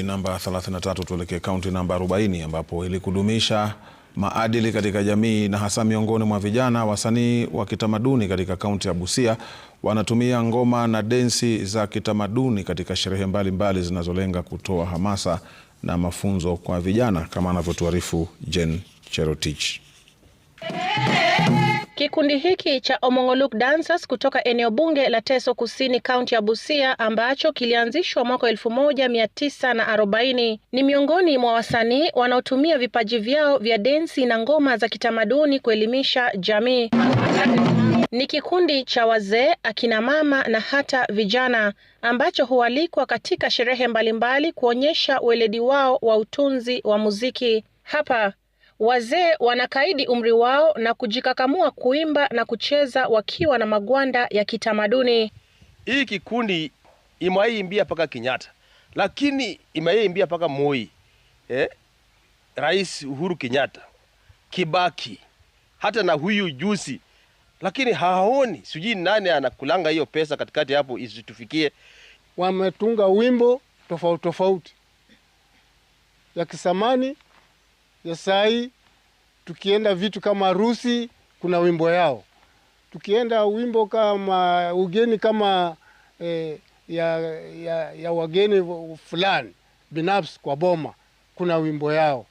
Namba 33 tuelekee kaunti namba 40 ambapo ili kudumisha maadili katika jamii na hasa miongoni mwa vijana, wasanii wa kitamaduni katika kaunti ya Busia wanatumia ngoma na densi za kitamaduni katika sherehe mbalimbali zinazolenga kutoa hamasa na mafunzo kwa vijana, kama anavyotuarifu Jen Cherotich. Kikundi hiki cha Omongoluk Dancers kutoka eneo bunge la Teso Kusini, kaunti ya Busia, ambacho kilianzishwa mwaka elfu moja mia tisa na arobaini ni miongoni mwa wasanii wanaotumia vipaji vyao vya densi na ngoma za kitamaduni kuelimisha jamii. Ni kikundi cha wazee, akina mama na hata vijana ambacho hualikwa katika sherehe mbalimbali kuonyesha ueledi wao wa utunzi wa muziki. Hapa Wazee wanakaidi umri wao na kujikakamua kuimba na kucheza wakiwa na magwanda ya kitamaduni. Hii kikundi imaiimbia mpaka Kenyatta, lakini imaiimbia mpaka Moi, eh? Rais Uhuru Kenyatta, Kibaki, hata na huyu juzi, lakini haoni sijui nani anakulanga hiyo pesa katikati hapo isitufikie. Wametunga wimbo tofauti tofauti ya kisamani ya sai. Tukienda vitu kama harusi, kuna wimbo yao. Tukienda wimbo kama ugeni kama eh, ya, ya, ya wageni fulani binafsi kwa boma, kuna wimbo yao.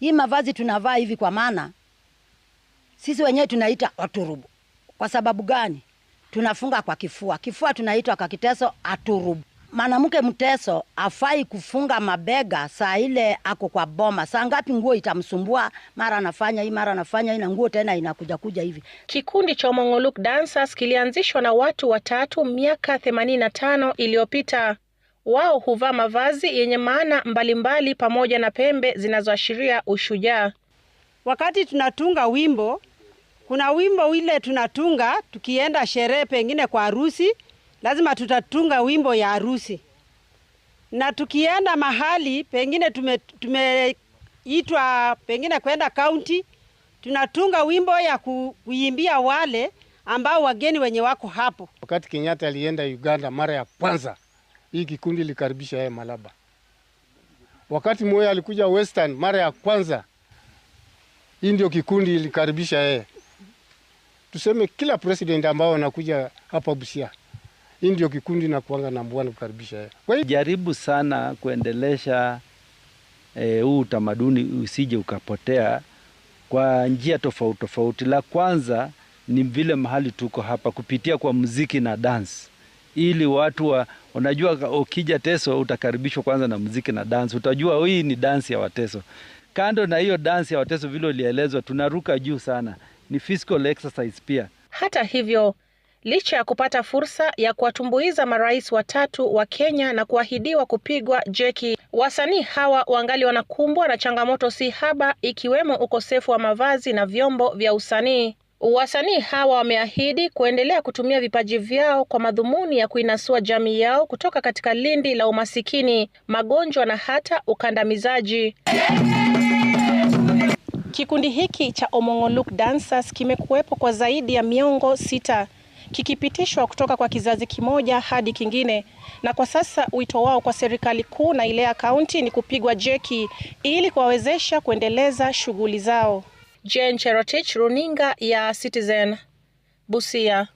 Hii mavazi tunavaa hivi kwa maana sisi wenyewe tunaita aturubu. Kwa sababu gani? Tunafunga kwa kifua, kifua tunaitwa kwa kiteso aturubu mwanamke Mteso afai kufunga mabega saa ile ako kwa boma. Saa ngapi nguo itamsumbua, mara anafanya hii, mara anafanya hii, na nguo tena inakuja kuja hivi. Kikundi cha Mongoluk Dancers kilianzishwa na watu watatu miaka 85 iliyopita. Wao huvaa mavazi yenye maana mbalimbali pamoja na pembe zinazoashiria ushujaa. Wakati tunatunga wimbo, kuna wimbo ile tunatunga tukienda sherehe, pengine kwa harusi lazima tutatunga wimbo ya harusi, na tukienda mahali pengine tumeitwa tume pengine kwenda kaunti, tunatunga wimbo ya kuimbia wale ambao wageni wenye wako hapo. Wakati Kenyatta alienda Uganda mara ya kwanza, hii kikundi likaribisha yeye Malaba. Wakati moya alikuja Western mara ya kwanza, hii ndio kikundi ilikaribisha yeye. Tuseme kila president ambao wanakuja hapa Busia hii ndio kikundi na kuanga na mbwani kukaribisha yeye. Kwa hiyo jaribu sana kuendelesha eh, huu e, utamaduni usije ukapotea kwa njia tofauti tofauti. La kwanza ni vile mahali tuko hapa kupitia kwa muziki na dance, ili watu wa, unajua ukija Teso utakaribishwa kwanza na muziki na dance, utajua hii ni dance ya Wateso. Kando na hiyo dance ya Wateso vile ulielezwa, tunaruka juu sana, ni physical exercise pia. Hata hivyo licha ya kupata fursa ya kuwatumbuiza marais watatu wa Kenya na kuahidiwa kupigwa jeki. Wasanii hawa wangali wanakumbwa na changamoto si haba, ikiwemo ukosefu wa mavazi na vyombo vya usanii. Wasanii hawa wameahidi kuendelea kutumia vipaji vyao kwa madhumuni ya kuinasua jamii yao kutoka katika lindi la umasikini, magonjwa na hata ukandamizaji. Kikundi hiki cha Omongoluk Dancers kimekuwepo kwa zaidi ya miongo sita kikipitishwa kutoka kwa kizazi kimoja hadi kingine, na kwa sasa wito wao kwa serikali kuu na ile ya kaunti ni kupigwa jeki ili kuwawezesha kuendeleza shughuli zao. Jane Cherotich, Runinga ya Citizen, Busia.